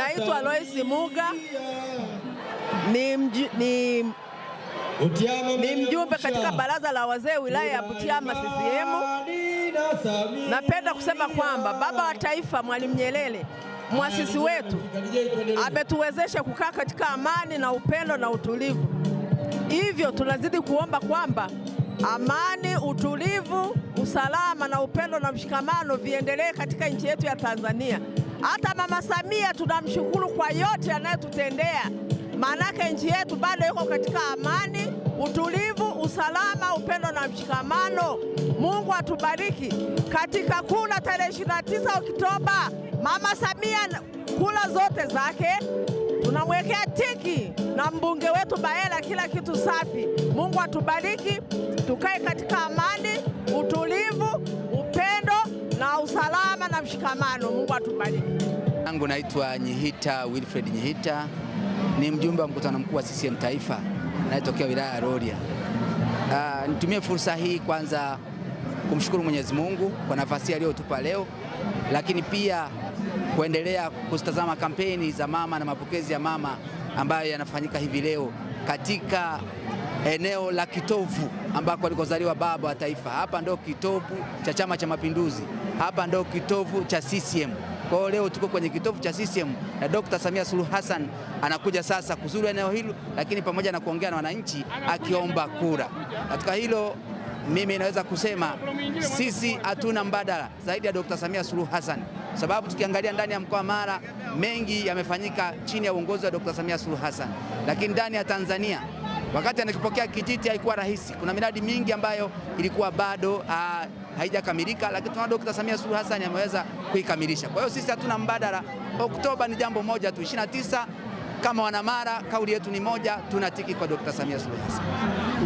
Naitwa Lois Muga ni, mji, ni, ni mjumbe katika baraza la wazee wilaya ya Butiama CCM. Napenda kusema kwamba baba wa taifa Mwalimu Nyerere mwasisi wetu ametuwezesha kukaa katika amani na upendo na utulivu. Hivyo tunazidi kuomba kwamba amani, utulivu, usalama na upendo na mshikamano viendelee katika nchi yetu ya Tanzania. Hata Mama Samia tunamshukuru kwa yote anayotutendea, maanake nchi yetu bado iko katika amani, utulivu, usalama, upendo na mshikamano. Mungu atubariki. Katika kula tarehe 29 Oktoba, Mama Samia kula zote zake tunamwekea tiki na mbunge wetu Baela, kila kitu safi. Mungu atubariki, tukae katika amani. mshikamano. Mungu atubariki. Yangu naitwa Nyihita Wilfred Nyihita, ni mjumbe wa mkutano mkuu wa CCM Taifa anayetokea wilaya ya Rorya. Uh, nitumie fursa hii kwanza kumshukuru Mwenyezi Mungu kwa nafasi aliyotupa leo, lakini pia kuendelea kuzitazama kampeni za mama na mapokezi ya mama ambayo yanafanyika hivi leo katika eneo la kitovu ambako alikozaliwa baba wa taifa. Hapa ndo kitovu cha Chama cha Mapinduzi, hapa ndo kitovu cha CCM. Kwa hiyo leo tuko kwenye kitovu cha CCM na Dr. Samia Suluhu Hassan anakuja sasa kuzuru eneo hilo, lakini pamoja na kuongea na wananchi akiomba kura. Katika hilo mimi naweza kusema sisi hatuna mbadala zaidi ya Dr. Samia Suluhu Hassan, sababu tukiangalia ndani ya mkoa wa Mara mengi yamefanyika chini ya uongozi wa Dr. Samia Suluhu Hassan, lakini ndani ya Tanzania Wakati anakipokea kijiti haikuwa rahisi, kuna miradi mingi ambayo ilikuwa bado ah, haijakamilika, lakini tunao Dkt. Samia Suluhu Hassan ameweza kuikamilisha. Kwa hiyo sisi hatuna mbadala, Oktoba ni jambo moja tu, 29 kama wanamara, kauli yetu ni moja, tunatiki kwa Dkt. Samia Suluhu Hassan.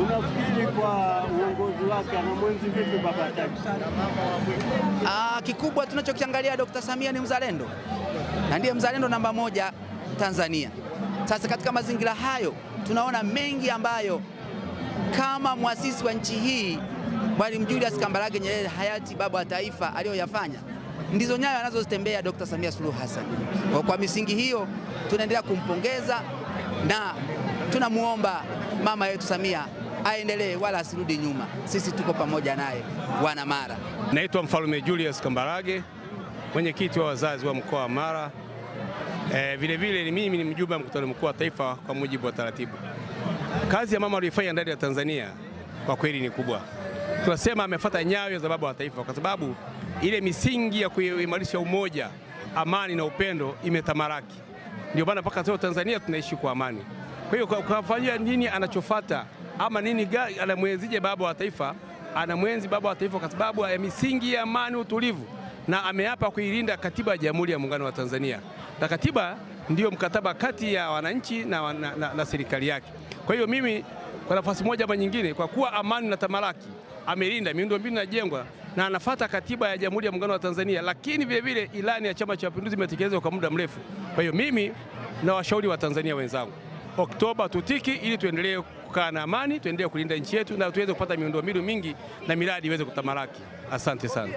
Unafikiri kwa uongozi wake ana mwenzi vipi baba Tatu? Ah, kikubwa tunachokiangalia Dkt. Samia ni mzalendo na ndiye mzalendo namba moja Tanzania. Sasa katika mazingira hayo tunaona mengi ambayo kama mwasisi wa nchi hii Mwalimu Julius Kambarage Nyerere hayati baba wa taifa aliyoyafanya ndizo nyayo anazozitembea Dr. Samia Suluhu Hassan. Kwa, kwa misingi hiyo tunaendelea kumpongeza na tunamwomba mama yetu Samia aendelee wala asirudi nyuma. Sisi tuko pamoja naye wana Mara. Naitwa Mfalme Julius Kambarage, mwenyekiti wa wazazi wa mkoa wa Mara. Eh, e, vilevile mimi ni mjumbe wa mkutano mkuu wa taifa kwa mujibu wa taratibu. Kazi ya mama aliyofanya ndani ya Tanzania kwa kweli ni kubwa. Tunasema amefuata nyayo za baba wa taifa, kwa sababu ile misingi ya kuimarisha umoja, amani na upendo imetamalaki. Ndio maana mpaka leo Tanzania tunaishi kwa amani. Kwa hiyo kafanyia nini anachofata ama nini anamwenzije baba wa taifa? Anamwenzi baba wa taifa kwa sababu ya misingi ya amani, utulivu na ameapa kuilinda katiba ya Jamhuri ya Muungano wa Tanzania, na katiba ndiyo mkataba kati ya wananchi na, na, na, na serikali yake. Kwa hiyo mimi kwa nafasi moja ama nyingine, kwa kuwa amani na tamalaki, amelinda miundombinu inajengwa na anafuata katiba ya Jamhuri ya Muungano wa Tanzania, lakini vilevile ilani ya Chama cha Mapinduzi imetekelezwa kwa muda mrefu. Kwa hiyo mimi na washauri wa Tanzania wenzangu, Oktoba tutiki ili tuendelee kukaa na amani, tuendelee kulinda nchi yetu na tuweze kupata miundombinu mingi na miradi iweze kutamalaki. Asante sana.